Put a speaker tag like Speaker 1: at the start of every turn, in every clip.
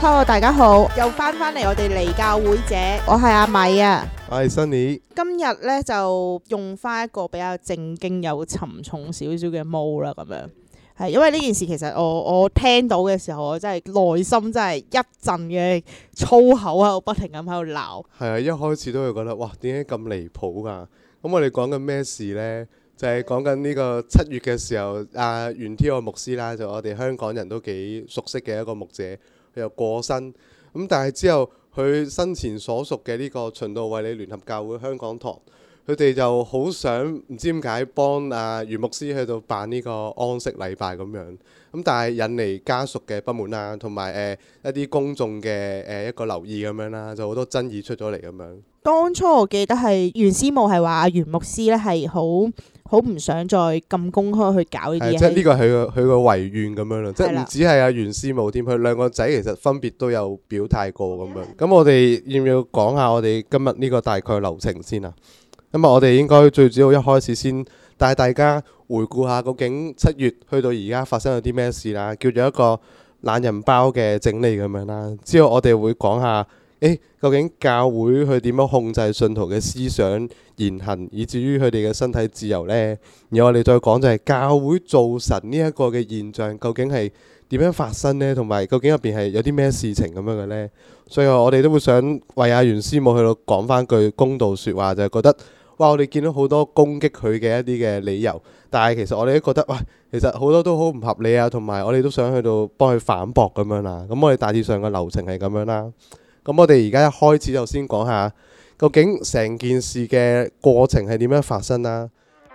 Speaker 1: Hello 大家好，又翻翻嚟。我哋離教會者，我係阿米啊，我係 Sunny。今日呢，就用翻一個比較正經又沉重少少嘅模啦。咁樣係因為呢件事，其實我我聽到嘅時候，我真係內心真係一陣嘅粗口喺度不停咁喺度鬧。
Speaker 2: 係啊，一開始都會覺得哇，點解咁離譜噶？咁我哋講緊咩事呢？就係講緊呢個七月嘅時候，阿袁天佑牧師啦，就我哋香港人都幾熟悉嘅一個牧者。又過身，咁但係之後，佢生前所屬嘅呢個循道衛理聯合教會香港堂。佢哋就好想唔知點解幫阿袁牧師去到辦呢個安息禮拜咁樣咁，但係引嚟家屬嘅不滿啦，同埋誒一啲公眾嘅誒、呃、一個留意咁樣啦，就好多爭議出咗嚟咁樣。
Speaker 1: 當初我記得係袁師母係話阿袁牧師咧係好好唔想再咁公開去搞呢啲。係即係呢個
Speaker 2: 係佢佢個遺願咁樣咯，即係唔止係阿袁師母添，佢兩個仔其實分別都有表態過咁樣。咁我哋要唔要講下我哋今日呢個大概流程先啊？咁啊！我哋應該最主要一開始先帶大家回顧下，究竟七月去到而家發生咗啲咩事啦，叫做一個懶人包嘅整理咁樣啦。之後我哋會講下，誒究竟教會去點樣控制信徒嘅思想言行，以至於佢哋嘅身體自由呢？然後我哋再講就係教會造神呢一個嘅現象，究竟係點樣發生呢？同埋究竟入邊係有啲咩事情咁樣嘅呢？所以我哋都會想為阿袁師母去到講翻句公道説話，就係覺得。哇！我哋見到好多攻擊佢嘅一啲嘅理由，但係其實我哋都覺得，喂，其實好多都好唔合理啊。同埋我哋都想去到幫佢反駁咁樣啦。咁我哋大致上嘅流程係咁樣啦。咁我哋而家一開始就先講下，究竟成件事嘅過程係點樣發生啦、啊？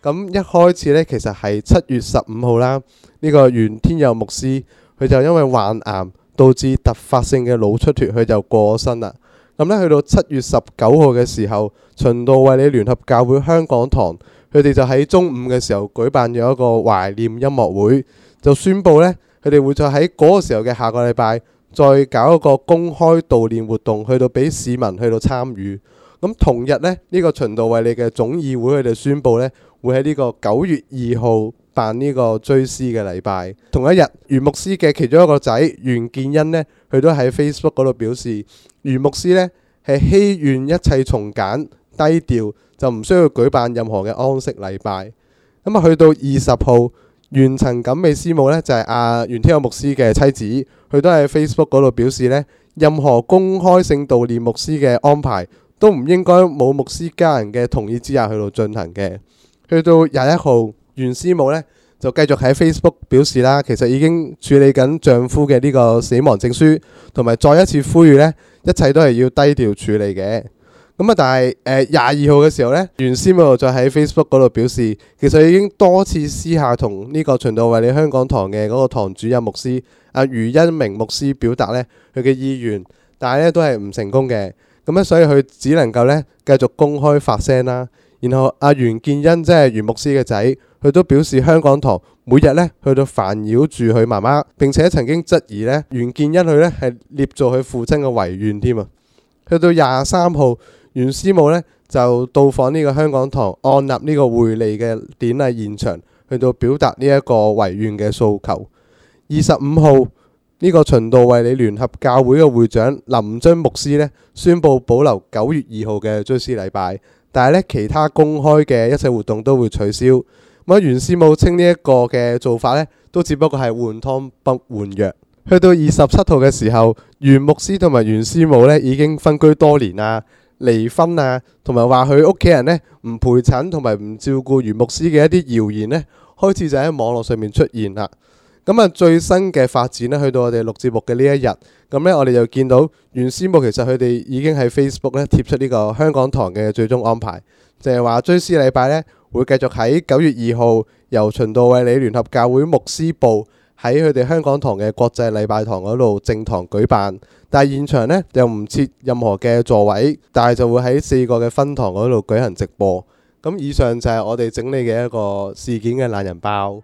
Speaker 2: 咁 一開始咧，其實係七月十五號啦。呢、這個原天佑牧師，佢就因為患癌導致突發性嘅腦出血，佢就過咗身啦。咁咧，去到七月十九號嘅時候，循道衛理聯合教會香港堂，佢哋就喺中午嘅時候舉辦咗一個懷念音樂會，就宣布咧，佢哋會再喺嗰個時候嘅下個禮拜再搞一個公開悼念活動，去到俾市民去到參與。咁同日咧，呢、這個循道衛理嘅總議會佢哋宣布咧，會喺呢個九月二號辦呢個追思嘅禮拜。同一日，袁牧師嘅其中一個仔袁建恩咧。佢都喺 Facebook 嗰度表示，袁牧師咧係希願一切從簡、低調，就唔需要舉辦任何嘅安息禮拜。咁啊，去到二十號，袁陳錦美師母咧就係、是、阿、啊、袁天佑牧師嘅妻子，佢都喺 Facebook 嗰度表示咧，任何公開性悼念牧師嘅安排都唔應該冇牧師家人嘅同意之下去到進行嘅。去到廿一號，袁師母咧。就繼續喺 Facebook 表示啦，其實已經處理緊丈夫嘅呢個死亡證書，同埋再一次呼籲咧，一切都係要低調處理嘅。咁啊，但係誒廿二號嘅時候咧，袁師母就喺 Facebook 嗰度表示，其實已經多次私下同呢個循道衛理香港堂嘅嗰個堂主任牧師阿、啊、余恩明牧師表達咧佢嘅意願，但係咧都係唔成功嘅。咁咧，所以佢只能夠咧繼續公開發聲啦。然後阿、啊、袁建恩即係袁牧師嘅仔。佢都表示，香港堂每日咧去到煩擾住佢媽媽，並且曾經質疑咧袁建一去咧係捏造佢父親嘅遺願添啊。去到廿三號，袁師母咧就到訪呢個香港堂，按立呢個會利嘅典禮現場，去到表達呢一個遺願嘅訴求。二十五號，呢、這個循道衛理聯合教會嘅會長林津牧師咧，宣布保留九月二號嘅追思禮拜，但係咧其他公開嘅一切活動都會取消。咁啊，袁師母稱呢一個嘅做法咧，都只不過係換湯不換藥。去到二十七號嘅時候，袁牧師同埋袁師母咧已經分居多年啊、離婚啊，同埋話佢屋企人咧唔陪診同埋唔照顧袁牧師嘅一啲謠言咧，開始就喺網絡上面出現啦。咁啊，最新嘅發展咧，去到我哋錄節目嘅呢一日，咁咧我哋就見到袁師母其實佢哋已經喺 Facebook 咧貼出呢個香港堂嘅最終安排，就係、是、話追思禮拜咧。會繼續喺九月二號由循道衛理聯合教會牧師部喺佢哋香港堂嘅國際禮拜堂嗰度正堂舉辦，但係現場呢又唔設任何嘅座位，但係就會喺四個嘅分堂嗰度舉行直播。咁以上就係我哋整理嘅一個事件嘅懶人包。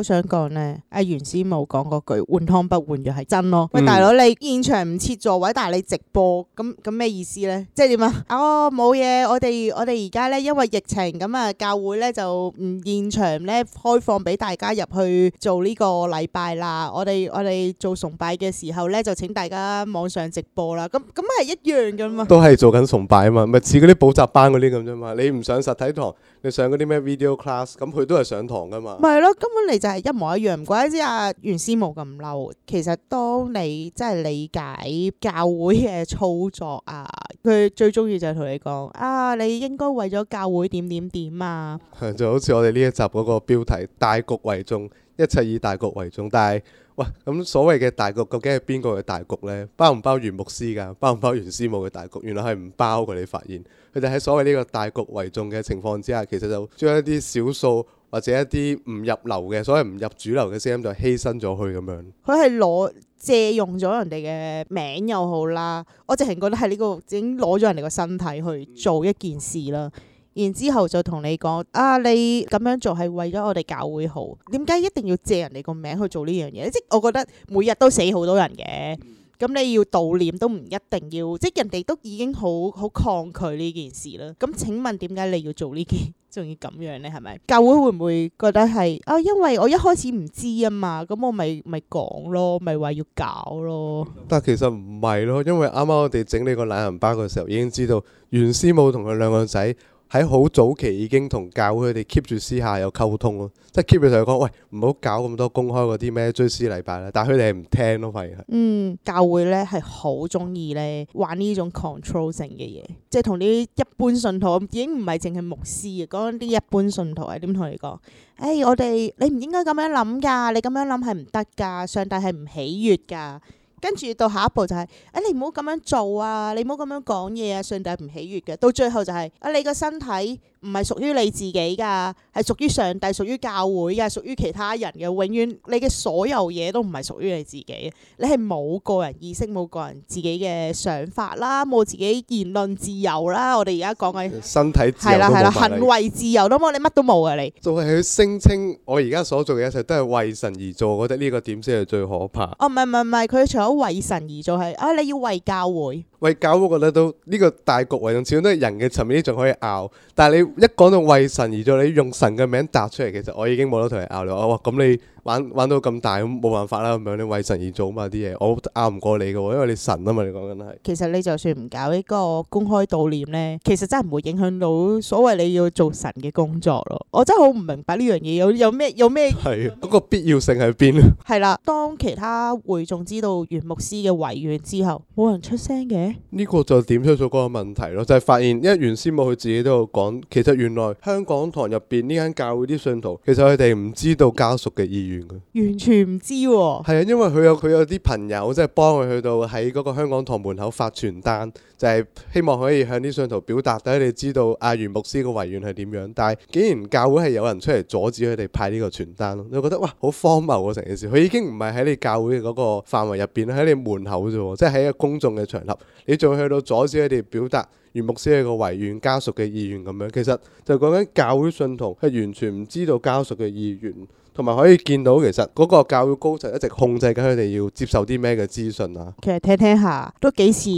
Speaker 1: 好想講咧，阿袁師母講嗰句換湯不換藥係真咯。嗯、喂，大佬，你現場唔設座位，但係你直播，咁咁咩意思咧？即係點啊？哦，冇嘢，我哋我哋而家咧，因為疫情咁啊，教會咧就唔現場咧開放俾大家入去做呢個禮拜啦。我哋我哋做崇拜嘅時候咧，就請大家網上直播啦。咁咁係一樣噶嘛？
Speaker 2: 都係做緊崇拜啊嘛，咪似嗰啲補習班嗰啲咁啫嘛。你唔上實體堂，你上嗰啲咩 video class，咁佢都係上堂噶嘛？咪係
Speaker 1: 咯，根本嚟就是、～係一模一樣，唔怪之啊！袁師母咁嬲，其實當你真係理解教會嘅操作啊，佢最中意就係同你講啊，你應該為咗教會點點點啊！
Speaker 2: 就好似我哋呢一集嗰個標題，大局為重，一切以大局為重。但係，喂，咁所謂嘅大局究竟係邊個嘅大局呢？包唔包袁牧師㗎？包唔包袁師母嘅大局？原來係唔包嘅。你發現佢哋喺所謂呢個大局為重嘅情況之下，其實就將一啲少數。或者一啲唔入流嘅，所以唔入主流嘅聲音就犧牲咗佢。咁樣
Speaker 1: 佢係攞借用咗人哋嘅名又好啦，我直情覺得係呢個已經攞咗人哋個身體去做一件事啦。然之後就同你講啊，你咁樣做係為咗我哋教會好，點解一定要借人哋個名去做呢樣嘢？即係我覺得每日都死好多人嘅，咁你要悼念都唔一定要，即係人哋都已經好好抗拒呢件事啦。咁請問點解你要做呢件？仲要咁樣呢？係咪？教會會唔會覺得係啊、哦？因為我一開始唔知啊嘛，咁我咪咪講咯，咪話要搞咯。
Speaker 2: 但其實唔係咯，因為啱啱我哋整理個懶人包嘅時候，已經知道袁師母同佢兩個仔，喺好早期已經同教會佢哋 keep 住私下有溝通咯，即係 keep 住同佢講，喂唔好搞咁多公開嗰啲咩追思禮拜啦。但係佢哋係唔聽咯，反而嗯
Speaker 1: 教會咧係好中意咧玩呢種 control 性嘅嘢，即係同啲一般信徒已經唔係淨係牧師啊，講啲一般信徒係點同你講？誒、欸，我哋你唔應該咁樣諗㗎，你咁樣諗係唔得㗎，上帝係唔喜悅㗎。跟住到下一步就係，哎，你唔好咁樣做啊，你唔好咁樣講嘢啊，上帝唔喜悅嘅。到最後就係，啊，你個身體。唔係屬於你自己噶，係屬於上帝、屬於教會嘅，屬於其他人嘅。永遠你嘅所有嘢都唔係屬於你自己，你係冇個人意識、冇個人自己嘅想法啦，冇自己言論自由啦。我哋而家講緊身體係啦係啦，行為自由都冇，你乜都冇啊！你仲係
Speaker 2: 佢聲稱我而家所做嘅一切都係為神而做，我覺得呢個點先係最可怕。
Speaker 1: 哦，唔係唔係唔係，佢除咗為神而做係，啊你要為教會。
Speaker 2: 為教會我覺得都呢個大局為重，始終都係人嘅層面，呢仲可以拗。但係你一講到為神而做，你用神嘅名答出嚟，其實我已經冇得同你拗啦。我恭喜你。玩玩到咁大，咁冇辦法啦咁樣，你為神而做啊嘛啲嘢，我拗唔過你嘅喎，因為你神啊嘛，你講緊係。
Speaker 1: 其實你就算唔搞呢個公開悼念咧，其實真係唔會影響到所謂你要做神嘅工作咯。我真係好唔明白呢樣嘢有有咩有咩
Speaker 2: 係嗰個必要性喺邊
Speaker 1: 啊？係啦，當其他會眾知道袁牧師嘅遺願之後，冇人出聲嘅。
Speaker 2: 呢個就點出咗個問題咯，就係、是、發現，因為袁師母佢自己都有講，其實原來香港堂入邊呢間教會啲信徒，其實佢哋唔知道家屬嘅意願。完全唔知喎、哦，係啊，因為佢有佢有啲朋友，即係幫佢去到喺嗰個香港堂門口發傳單，就係、是、希望可以向啲信徒表達，等佢哋知道阿袁牧師個遺願係點樣。但係竟然教會係有人出嚟阻止佢哋派呢個傳單咯，你覺得哇，好荒謬啊！成件事，佢已經唔係喺你教會嗰個範圍入邊，喺你門口啫，即係喺個公眾嘅場合，你仲去到阻止佢哋表達袁牧師佢個遺願家屬嘅意願咁樣。其實就講緊教會信徒係完全唔知道家屬嘅意願。同埋可以見到，其實嗰個教育高層一直控制緊佢哋要接受啲咩嘅資訊啊。
Speaker 1: 其實聽聽下都幾似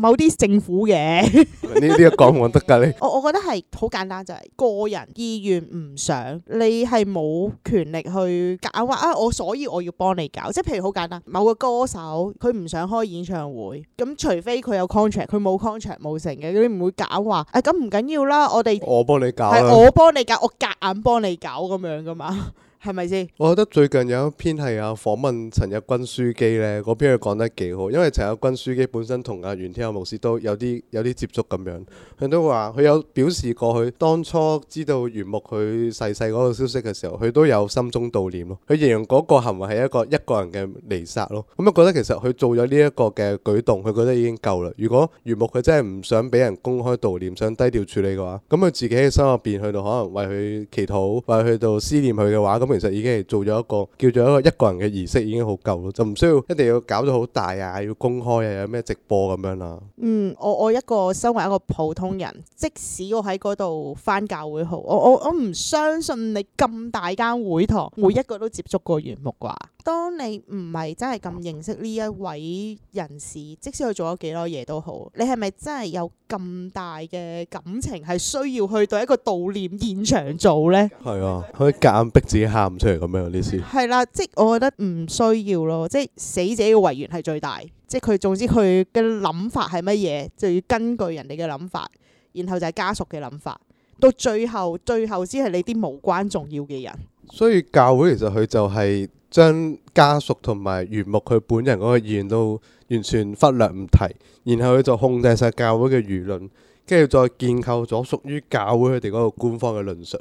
Speaker 1: 某啲政府嘅。呢啲講冇得㗎，你我我覺得係好簡單、就是，就係個人意願唔想，你係冇權力去搞話啊！我所以我要幫你搞，即係譬如好簡單，某個歌手佢唔想開演唱會，咁除非佢有 contract，佢冇 contract 冇成嘅，你唔會搞話啊！咁、哎、唔緊要啦，我哋
Speaker 2: 我幫你搞，係我，我
Speaker 1: 幫你搞，我夾硬，硬幫你搞咁樣㗎嘛。 係咪先？是是
Speaker 2: 我覺得最近有一篇係阿訪問陳日君書記咧，嗰篇佢講得幾好，因為陳日君書記本身同阿袁天佑牧師都有啲有啲接觸咁樣，佢都話佢有表示過，佢當初知道袁牧佢逝世嗰個消息嘅時候，佢都有心中悼念咯。佢形容嗰個行為係一個一個人嘅離殺咯。咁啊覺得其實佢做咗呢一個嘅舉動，佢覺得已經夠啦。如果袁牧佢真係唔想俾人公開悼念，想低調處理嘅話，咁佢自己喺心入邊去到可能為佢祈禱，為去到思念佢嘅話，咁。其實已經係做咗一個叫做一個一個人嘅儀式，已經好夠咯，就唔需要一定要搞到好大啊，要公開啊，有咩直播咁樣啦。
Speaker 1: 嗯，我我一個身為一個普通人，即使我喺嗰度返教會好，我我我唔相信你咁大間會堂，每一個都接觸過袁牧啩。當你唔係真係咁認識呢一位人士，即使佢做咗幾多嘢都好，你係咪真係有咁大嘅感情係需要去到一個悼念現場做呢？
Speaker 2: 係啊，可以夾硬逼自己喊出嚟咁樣，呢次
Speaker 1: 係啦。即係我覺得唔需要咯。即係死者嘅遺願係最大。即係佢總之佢嘅諗法係乜嘢，就要根據人哋嘅諗法，然後就係家屬嘅諗法，到最後最後先係你啲無關重要嘅人。
Speaker 2: 所以教會其實佢就係。將家屬同埋袁牧佢本人嗰個意願都完全忽略唔提，然後佢就控制晒教會嘅輿論，跟住再建構咗屬於教會佢哋嗰個官方嘅論述，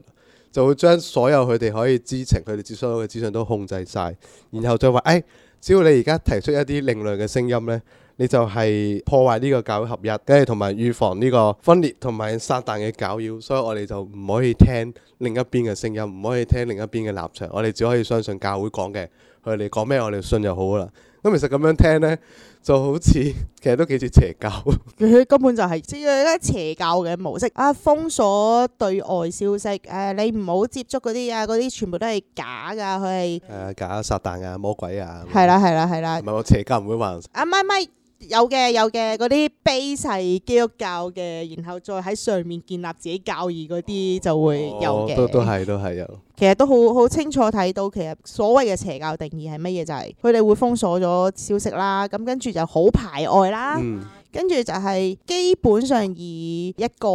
Speaker 2: 就會將所有佢哋可以知情、佢哋接收到嘅資訊都控制晒。然後再話：誒、哎，只要你而家提出一啲另類嘅聲音呢。」你就係破壞呢個教會合一，跟住同埋預防呢個分裂同埋撒但嘅攪擾，所以我哋就唔可以聽另一邊嘅聲音，唔可以聽另一邊嘅立場，我哋只可以相信教會講嘅，佢哋講咩我哋信就好啦。咁其實咁樣聽呢，就好似其實都幾似邪教，
Speaker 1: 佢根本就係即係一邪教嘅模式。啊，封鎖對外消息，誒，你唔好接觸嗰啲啊，嗰啲全部都係假㗎，佢
Speaker 2: 係誒假撒但啊，魔鬼啊，係啦係啦係啦，唔係我邪教唔會話啊，唔係
Speaker 1: 唔係。有嘅有嘅，嗰啲悲係基督教嘅，然後再喺上面建立自己教義嗰啲就會有嘅，都都係都係有。其實都好好清楚睇到，其實所謂嘅邪教定義係乜嘢，就係佢哋會封鎖咗消息啦，咁跟住就好排外啦，跟住、嗯、就係基本上以一個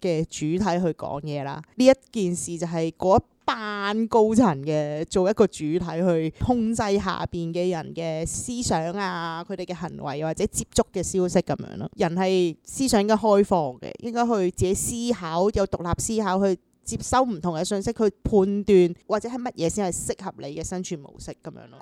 Speaker 1: 嘅主體去講嘢啦。呢一件事就係嗰班高層嘅做一個主體去控制下邊嘅人嘅思想啊，佢哋嘅行為或者接觸嘅消息咁樣咯。人係思想應該開放嘅，應該去自己思考，有獨立思考去接收唔同嘅信息，去判斷或者係乜嘢先係適合你嘅生存模式咁樣咯。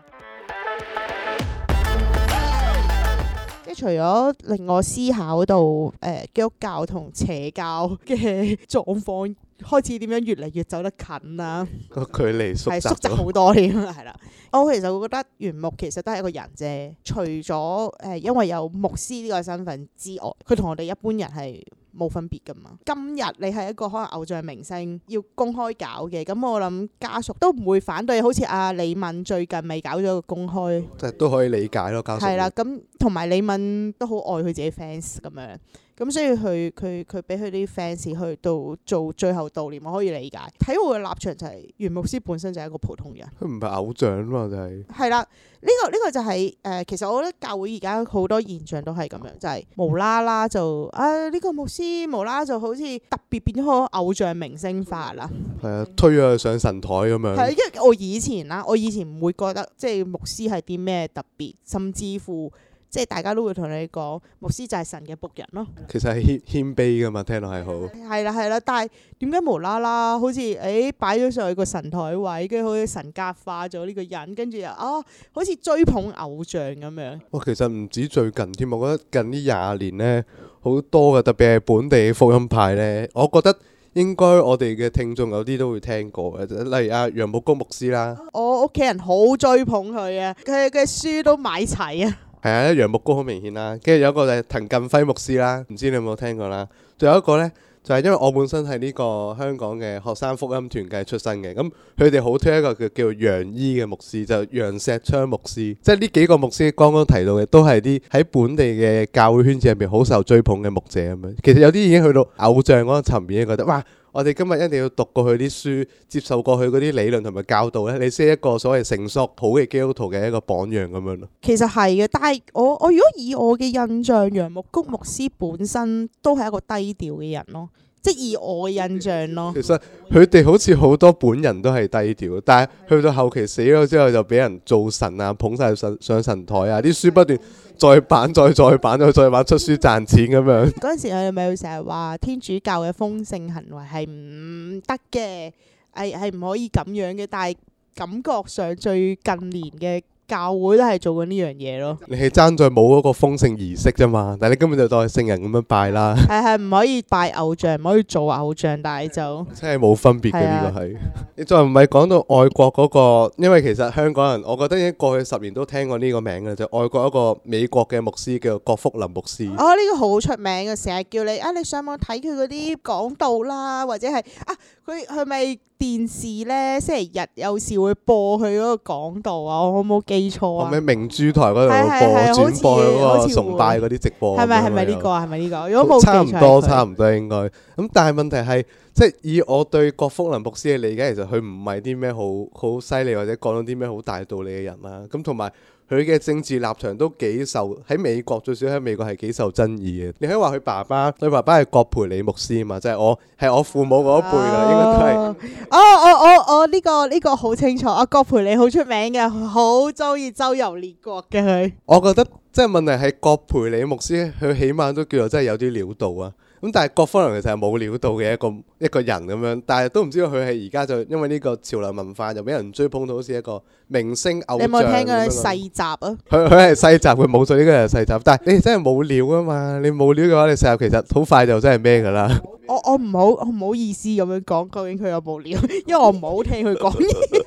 Speaker 1: 即 除咗令我思考到誒基督教同邪教嘅狀況。開始點樣越嚟越走得近呀，
Speaker 2: 個距離縮係縮窄好多添，係
Speaker 1: 啦。我其實覺得袁木其實都係一個人啫，除咗誒因為有牧師呢個身份之外，佢同我哋一般人係冇分別㗎嘛。今日你係一個可能偶像明星要公開搞嘅，咁我諗家屬都唔會反對。好似阿李敏最近咪搞咗個公開，即係
Speaker 2: 都可以理解咯。家屬係啦，
Speaker 1: 咁同埋李敏都好愛佢自己 fans 咁樣。咁所以佢佢佢俾佢啲 fans 去到做最後悼念，我可以理解。睇回音我嘅立場就係袁牧師本身就係一個普通人。
Speaker 2: 佢唔係偶像嘛，就係。
Speaker 1: 係啦，呢個呢個就係誒，其實我覺得教會而家好多現象都係咁樣，就係無啦啦就啊呢個牧師無啦啦就好似特別變咗個偶像明星化啦。
Speaker 2: 係啊，推咗上神台咁樣。係，因
Speaker 1: 為我以前啦，我以前唔會覺得即係牧師係啲咩特別，甚至乎。即係大家都會同你講，牧師就係神嘅僕人咯。
Speaker 2: 其實係謙謙卑噶嘛，聽落係好
Speaker 1: 係啦係啦。但係點解無啦啦好似誒擺咗上去個神台位，跟住好似神格化咗呢個人，跟住又哦好似追捧偶像咁樣。
Speaker 2: 哇、哦！其實唔止最近添，我覺得近呢廿年咧好多嘅，特別係本地嘅福音派咧，我覺得應該我哋嘅聽眾有啲都會聽過嘅，例如阿楊牧谷牧師啦。
Speaker 1: 我屋企人好追捧佢啊！佢嘅書都買齊啊！
Speaker 2: 係啊，楊牧谷好明顯啦，跟住有一個就係滕近輝牧師啦，唔知你有冇聽過啦？仲有一個呢，就係因為我本身係呢個香港嘅學生福音團契出身嘅，咁佢哋好推一個叫叫楊醫嘅牧師，就楊、是、錫昌牧師。即係呢幾個牧師剛剛提到嘅，都係啲喺本地嘅教會圈子入面好受追捧嘅牧者咁樣。其實有啲已經去到偶像嗰個層面，覺得哇！我哋今日一定要讀過佢啲書，接受過去嗰啲理論同埋教導咧，你先一個所謂成熟普嘅基督徒嘅一個榜樣咁樣
Speaker 1: 咯。其實係嘅，但係我我，如果以我嘅印象，楊牧谷牧師本身都係一個低調嘅人咯。即以我嘅印象咯。其
Speaker 2: 實佢哋好似好多本人都係低調，但係去到後期死咗之後，就俾人做神啊，捧晒上上神台啊，啲書不斷再版、再版再版、再再版出書賺錢咁樣。
Speaker 1: 嗰陣時佢哋咪會成日話天主教嘅封聖行為係唔得嘅，係係唔可以咁樣嘅，但係感覺上最近年嘅。教會都係做緊呢樣嘢咯，
Speaker 2: 你係爭在冇嗰個封聖儀式啫嘛，但係你根本就當聖人咁樣拜啦。
Speaker 1: 係係唔可以拜偶像，唔可以做偶像，但係就即係冇分別嘅呢個係。
Speaker 2: 你再唔係講到外國嗰個？因為其實香港人，我覺得已經過去十年都聽過呢個名嘅就外國一個美國嘅牧師叫做郭福林牧師。哦，
Speaker 1: 呢個好出名嘅，成日叫你啊，你上網睇佢嗰啲講道啦，或者係啊，佢係咪電視咧星期日有時會播佢嗰個講道啊？我冇記記係咪明
Speaker 2: 珠台嗰度播，轉播嗰個崇拜嗰啲直播？係咪係咪呢個
Speaker 1: 啊？係咪呢個？如果冇，差唔多，差唔
Speaker 2: 多應該咁。但係問題係，即係以我對郭福林博士嘅理解，其實佢唔係啲咩好好犀利或者講到啲咩好大道理嘅人啦。咁同埋。佢嘅政治立場都幾受喺美國，最少喺美國係幾受爭議嘅。你可以話佢爸爸，佢爸爸係葛培理牧師啊嘛，即係我係我父母嗰一輩啦、啊，應
Speaker 1: 該都係、啊。哦，我我我呢個呢、呢個好清楚、啊，阿葛培理好出名嘅，好中意周遊列國
Speaker 2: 嘅佢。我覺得即係問題係葛培理牧師，佢起碼都叫做真係有啲料到啊。咁但係各方城其實係冇料到嘅一個一個人咁樣，但係都唔知道佢係而家就因為呢個潮流文化就俾人追捧到好似一個明星偶像。有冇聽過啲世襲啊？佢佢係世襲，佢冇做呢個係世襲，但係你、欸、真係冇料啊嘛！你冇料嘅話，你世襲其實好快就真係咩㗎啦。
Speaker 1: 我我唔好我唔好意思咁樣講，究竟佢有冇料？因為我唔好聽佢講嘢。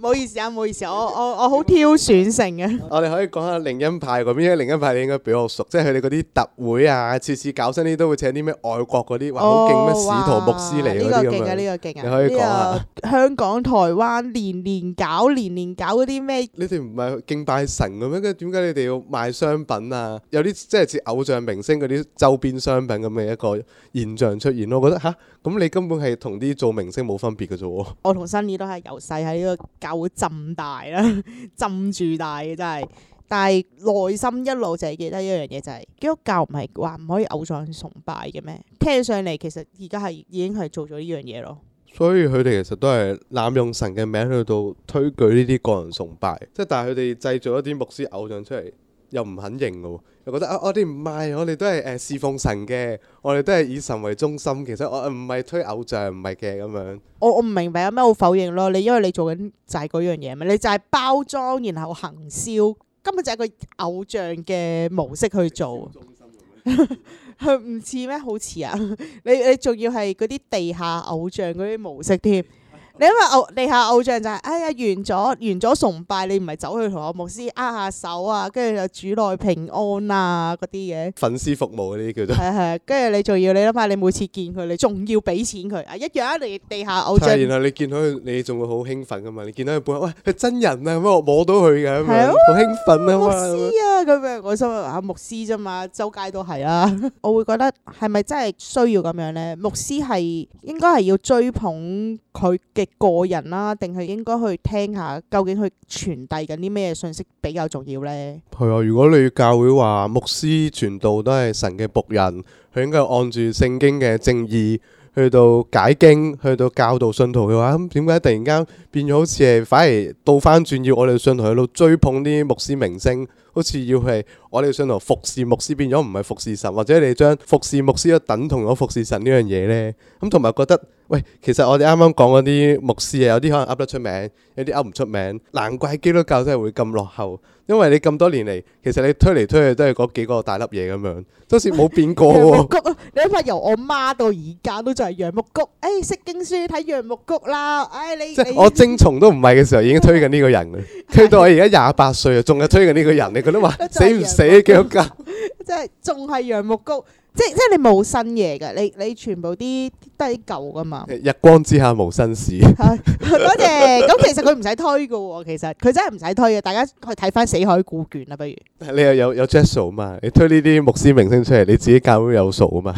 Speaker 1: 冇 意思啊，冇意思，我我我好挑選性啊、 哦，我哋
Speaker 2: 可以講下，因為靈恩派嗰邊，靈恩派你應該比較熟，即係佢哋嗰啲特會啊，次次搞新啲都會請啲咩外國嗰啲，話好勁咩使徒牧師嚟，嗰啲咁樣。呢、這個勁啊，呢個勁啊！你可以講下、這
Speaker 1: 個、香港、台灣，年年搞、年年搞嗰啲咩？你哋
Speaker 2: 唔係敬拜神咁樣，咁點解你哋要賣商品啊？有啲即係似偶像明星嗰啲周邊商品咁嘅一個現象出現，我覺得吓，咁你根本係同啲做明星冇分別嘅啫。
Speaker 1: 我同辛尼都係由細喺。呢個教會浸大啦，浸住大嘅真係，但係內心一路就係記得一樣嘢，就係基督教唔係話唔可以偶像崇拜嘅咩？聽上嚟其實而家係已經係做咗呢樣嘢咯。
Speaker 2: 所以佢哋其實都係濫用神嘅名去到推舉呢啲個人崇拜，即係但係佢哋製造一啲牧師偶像出嚟，又唔肯認嘅。又覺得啊，我哋唔係，我哋都係誒侍奉神嘅，我哋都係以神為中心。其實我唔係推偶像，唔係嘅咁樣。
Speaker 1: 我我唔明白有咩好否認咯？你因為你做緊就係嗰樣嘢嘛？你就係包裝然後行銷，根本就係個偶像嘅模式去做。佢唔似咩？好似啊！ 你你仲要係嗰啲地下偶像嗰啲模式添？你因為地下偶像就係，哎呀，完咗，完咗崇拜，你唔係走去同阿牧師握下手啊，跟住就主內平安啊嗰啲嘢。
Speaker 2: 粉絲服務嗰啲叫做。係係，
Speaker 1: 跟住你仲要你諗下，你每次見佢，你仲要俾錢佢啊一樣啊！你地下偶像。然後
Speaker 2: 你見到佢，你仲會好興奮㗎嘛？你見到佢本身，喂佢真人啊，咁我摸到佢嘅咁樣，好興奮啊嘛！牧師
Speaker 1: 啊咁樣，我心話啊牧師啫嘛，周街都係啊。我會覺得係咪真係需要咁樣咧？牧師係應該係要追捧佢嘅。個人啦，啊，定係應該去聽下，究竟去傳遞緊啲咩信息比較重要呢？
Speaker 2: 係啊，如果你教會話牧師傳道都係神嘅僕人，佢應該按住聖經嘅正義去到解經，去到教導信徒嘅話，咁點解突然間變咗好似係反而倒翻轉要我哋信徒喺度追捧啲牧師明星？好似要係我哋想同服侍牧師變咗唔係服侍神，或者你將服侍牧師都等同咗服侍神呢樣嘢呢？咁同埋覺得，喂，其實我哋啱啱講嗰啲牧師啊，有啲可能噏得出名，有啲噏唔出名，難怪基督教真係會咁落後。因為你咁多年嚟，其實你推嚟推去都係嗰幾個大粒嘢咁樣，都好似冇變過、哦、楊木
Speaker 1: 谷，你諗下，由我媽到而家都就係楊木谷。誒、哎，識經書睇楊木谷啦。誒、哎，你，
Speaker 2: 你我正從都唔係嘅時候已經推緊呢個、個人，推到我而家廿八歲啊，仲係推緊呢個人。佢都話死唔死幾多間？
Speaker 1: 即係仲係楊木高，即係即係你冇新嘢嘅，你你全部啲都係舊噶嘛。
Speaker 2: 日光之下無新事。
Speaker 1: 多謝。咁其實佢唔使推嘅喎，其實佢真係唔使推呀。大家去睇翻死海古卷啦，不如。
Speaker 2: 你又有有 Jazz 嘛？你推呢啲牧師明星出嚟，你自己教會有數啊嘛？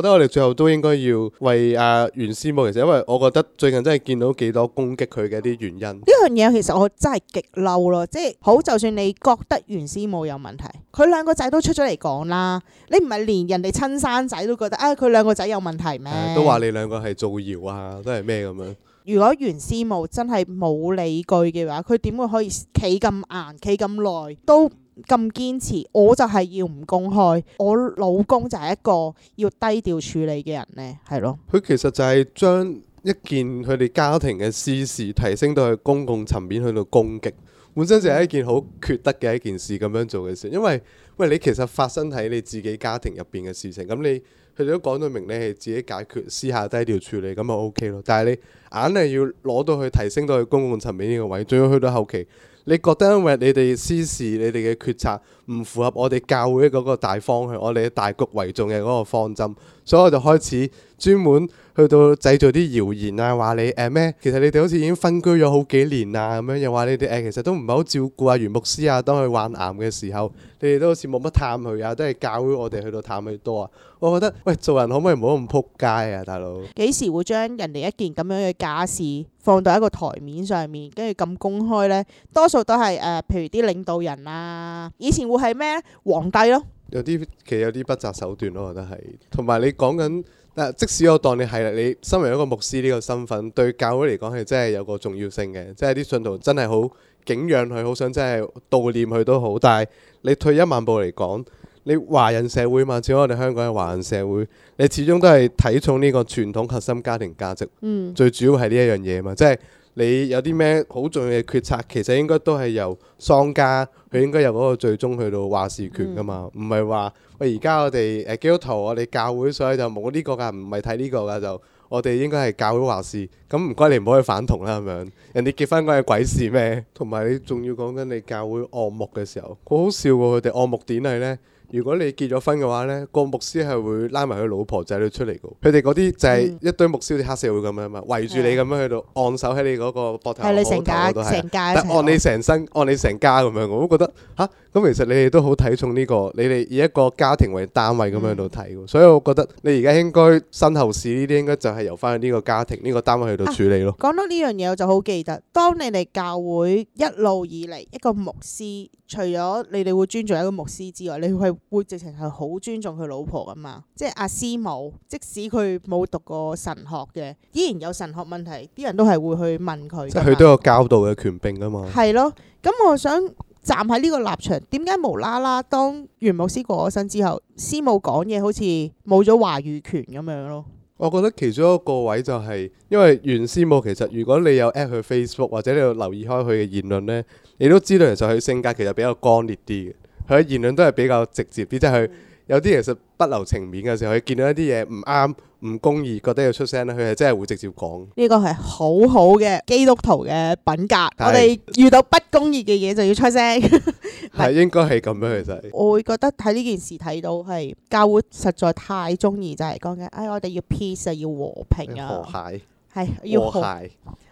Speaker 2: 我覺得我哋最後都應該要為阿袁師母。其實因為我覺得最近真係見到幾多攻擊佢嘅一啲原因。
Speaker 1: 呢樣嘢其實我真係極嬲咯，即、就、係、是、好，就算你覺得袁師母有問題，佢兩個仔都出咗嚟講啦，你唔係連人哋親生仔都覺得啊？佢、哎、兩個仔有問題咩？都話你
Speaker 2: 兩個係造謠啊，都係咩咁樣？
Speaker 1: 如果袁師母真係冇理據嘅話，佢點會可以企咁硬、企咁耐都？咁堅持，我就係要唔公開。我老公就係一個要低調處理嘅人呢，係
Speaker 2: 咯。佢其實就係將一件佢哋家庭嘅私事，事提升到去公共層面去到攻擊，本身就係一件好缺德嘅一件事咁樣做嘅事。因為喂，你其實發生喺你自己家庭入邊嘅事情，咁你佢哋都講到明，你係自己解決，私下低調處理咁咪 OK 咯。但係你硬係要攞到去提升到去公共層面呢個位，仲要去到後期。你覺得因為你哋私事、你哋嘅決策唔符合我哋教會嗰個大方向、我哋大局為重嘅嗰個方針，所以我就開始專門。去到製造啲謠言啊，話你誒咩？其實你哋好似已經分居咗好幾年啊，咁樣又話你哋誒，其實都唔係好照顧啊袁牧師啊，當佢患癌嘅時候，你哋都好似冇乜探佢啊，都係教會我哋去到探佢多啊。我覺得喂，做人可唔可以唔好咁撲街啊，大佬？
Speaker 1: 幾時會將人哋一件咁樣嘅假事放到一個台面上面，跟住咁公開呢？多數都係誒，譬如啲領導人啊，以前會係咩呢？皇帝咯。
Speaker 2: 有啲其實有啲不擇手段咯，我覺得係。同埋你講緊。即使我當你係你，身為一個牧師呢個身份，對教會嚟講係真係有個重要性嘅，即係啲信徒真係好敬仰佢，好想真係悼念佢都好。但係你退一萬步嚟講，你華人社會嘛，始終我哋香港係華人社會，你始終都係睇重呢個傳統核心家庭價值，嗯、最主要係呢一樣嘢嘛，即係。你有啲咩好重要嘅決策，其實應該都係由喪家，佢應該有嗰個最終去到話事權㗎嘛。唔係話喂而家我哋誒基督徒，我哋教會所以就冇呢個㗎，唔係睇呢個㗎就，我哋應該係教會話事。咁唔該你唔好去反同啦咁樣。人哋結婚關你鬼事咩？同埋你仲要講緊你教會按牧嘅時候，好好笑喎！佢哋按牧典禮呢？如果你結咗婚嘅話，呢個牧師係會拉埋佢老婆仔女出嚟嘅。佢哋嗰啲就係一堆牧師啲、嗯、黑社會咁樣嘛，圍住你咁樣喺度按手喺你嗰個膊頭。係你成家，成家。按你成身，按你成家咁樣，我都覺得嚇。咁、啊、其實你哋都好睇重呢個，你哋以一個家庭為單位咁樣喺度睇。嗯、所以我覺得你而家應該身後事呢啲應該就係由翻呢個家庭、呢、呢個單位去到處理咯。
Speaker 1: 講、啊、到呢樣嘢，我就好記得，當你哋教會一路以嚟，一個牧師除咗你哋會尊重一個牧師之外，你會。會直情係好尊重佢老婆噶嘛？即係阿師母，即使佢冇讀過神學嘅，依然有神學問題，啲人都係會去問佢。即係佢都有
Speaker 2: 教導嘅權柄噶嘛？係
Speaker 1: 咯，咁我想站喺呢個立場，點解無啦啦當袁牧師過咗身之後，師母講嘢好似冇咗話語權咁樣咯？我
Speaker 2: 覺得其中一個位就係、是，因為袁師母其實如果你有 at 佢 Facebook 或者你有留意開佢嘅言論呢，你都知道其實佢性格其實比較剛烈啲嘅。佢嘅言論都係比較直接啲，即係佢有啲其實不留情面嘅時候，佢見到一啲嘢唔啱、唔公義，覺得要出聲咧，佢係真係會直接講。
Speaker 1: 呢個係好好嘅基督徒嘅品格。是我哋遇到不公義嘅嘢就要出聲。
Speaker 2: 係是 是應該係咁樣其實。我
Speaker 1: 會覺得喺呢件事睇到係教會實在太中意就係講緊，哎我哋要 peace 啊要和平啊，係係諧要和，和諧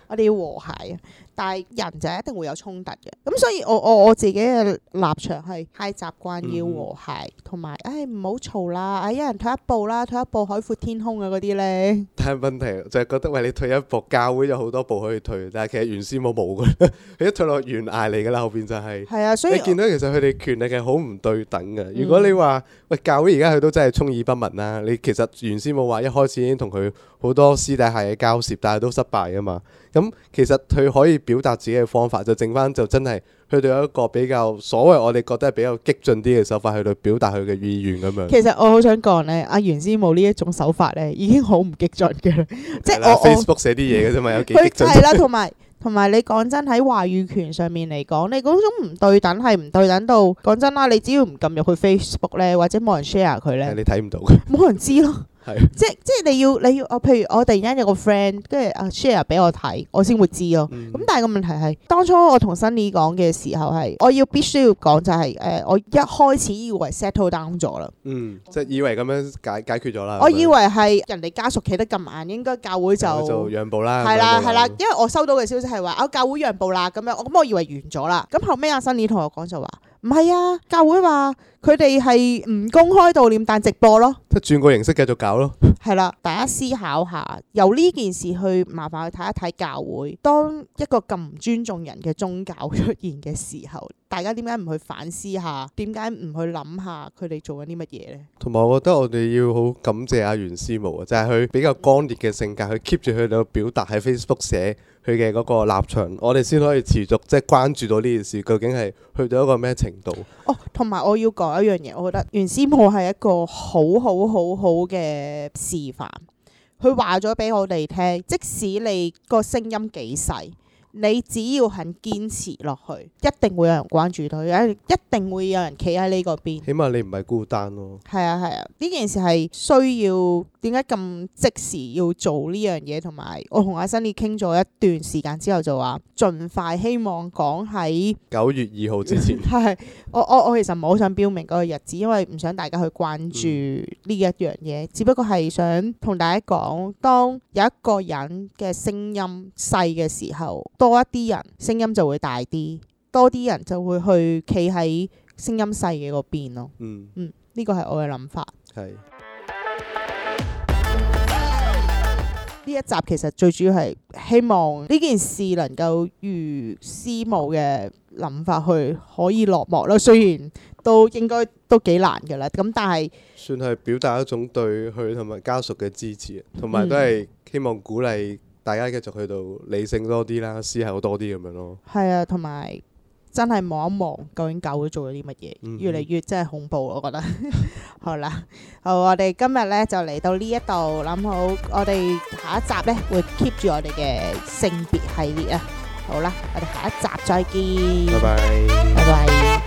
Speaker 1: 我哋要和諧啊。但係人就一定會有衝突嘅，咁所以我我我自己嘅立場係係習慣要和諧，同埋唉唔好嘈啦，唉一、哎哎、人退一步啦，退一步海闊天空啊嗰啲咧。
Speaker 2: 但係問題就係、是、覺得喂，你退一步，教會有好多步可以退，但係其實袁師母冇嘅，佢 一退落懸崖嚟㗎啦，後邊就係係啊，所以你見到其實佢哋權力係好唔對等嘅。如果你話、嗯、喂教會而家佢都真係充耳不聞啦，你其實袁師母話一開始已經同佢好多私底下嘅交涉，但係都失敗啊嘛。咁其實佢可以。表達自己嘅方法就剩翻，就真係佢哋有一個比較所謂我哋覺得係比較激進啲嘅手法去到表達佢嘅意願咁樣。其實我
Speaker 1: 好想講呢，阿袁師母呢一種手法呢，已經好唔激進嘅，即係 我，的我 Facebook
Speaker 2: 寫啲嘢嘅啫嘛，有幾激進佢係啦，同
Speaker 1: 埋同埋你講真喺話語權上面嚟講，你嗰種唔對等係唔對等到講真啦，你只要唔撳入去 Facebook 呢，或者冇人 share 佢呢， 你睇唔到佢，冇人知咯。 即即你要你要我，譬如我突然間有個 friend 跟住 share 俾我睇，我先會知咯。咁、嗯、但係個問題係，當初我同 Sunny 講嘅時候係，我要必須要講就係、是、誒、呃，我一開始以為 settle down 咗啦。嗯，嗯
Speaker 2: 即係以為咁樣解解決咗啦。我以為
Speaker 1: 係人哋家屬企得咁硬，應該教會就，教會就讓
Speaker 2: 步啦。係啦係啦，
Speaker 1: 因為我收到嘅消息係話啊，教會讓步啦，咁樣我咁我以為完咗啦。咁後尾阿 Sunny 同我講就話。唔係啊，教會話佢哋係唔公開悼念，但直播咯，
Speaker 2: 即轉個形式繼續搞咯。
Speaker 1: 係啦，大家思考下，由呢件事去麻煩去睇一睇教會，當一個咁唔尊重人嘅宗教出現嘅時候。大家點解唔去反思下？點解唔去諗下佢哋做緊啲乜嘢呢？
Speaker 2: 同埋我覺得我哋要好感謝阿袁師母啊，就係、是、佢比較剛烈嘅性格，佢 keep 住佢哋嘅表達喺 Facebook 寫佢嘅嗰個立場，我哋先可以持續即係關注到呢件事究竟係去到一個咩程度？哦，
Speaker 1: 同埋我要講一樣嘢，我覺得袁師母係一個好好好好嘅示範，佢話咗俾我哋聽，即使你個聲音幾細。你只要肯堅持落去，一定會有人關注到，一定會有人企喺呢個邊，起
Speaker 2: 碼你唔係孤單咯。
Speaker 1: 係啊係啊，呢、啊、件事係需要點解咁即時要做呢樣嘢，同埋我同阿新啲傾咗一段時間之後就話，盡快希望講喺
Speaker 2: 九月二號之前。
Speaker 1: 係， 我我我其實唔係好想標明嗰個日子，因為唔想大家去關注呢一樣嘢，嗯、只不過係想同大家講，當有一個人嘅聲音細嘅時候，多一啲人，聲音就會大啲；多啲人就會去企喺聲音細嘅嗰邊咯。嗯嗯，呢個係我嘅諗法。係。呢一集其實最主要係希望呢件事能夠如師母嘅諗法去可以落幕咯。雖然都應該都幾難㗎啦，咁但係
Speaker 2: 算係表達一種對佢同埋家屬嘅支持，同埋都係希望鼓勵。大家繼續去到理性多啲啦，思考多啲咁樣咯。
Speaker 1: 係啊，同埋真係望一望究竟狗會做咗啲乜嘢，嗯、哼越嚟越真係恐怖，我覺得。 好啦，好，我哋今日咧就嚟到呢一度，諗好我哋下一集咧會 keep 住我哋嘅性別系列啊。好啦，我哋下一集再見。拜拜 bye。拜拜。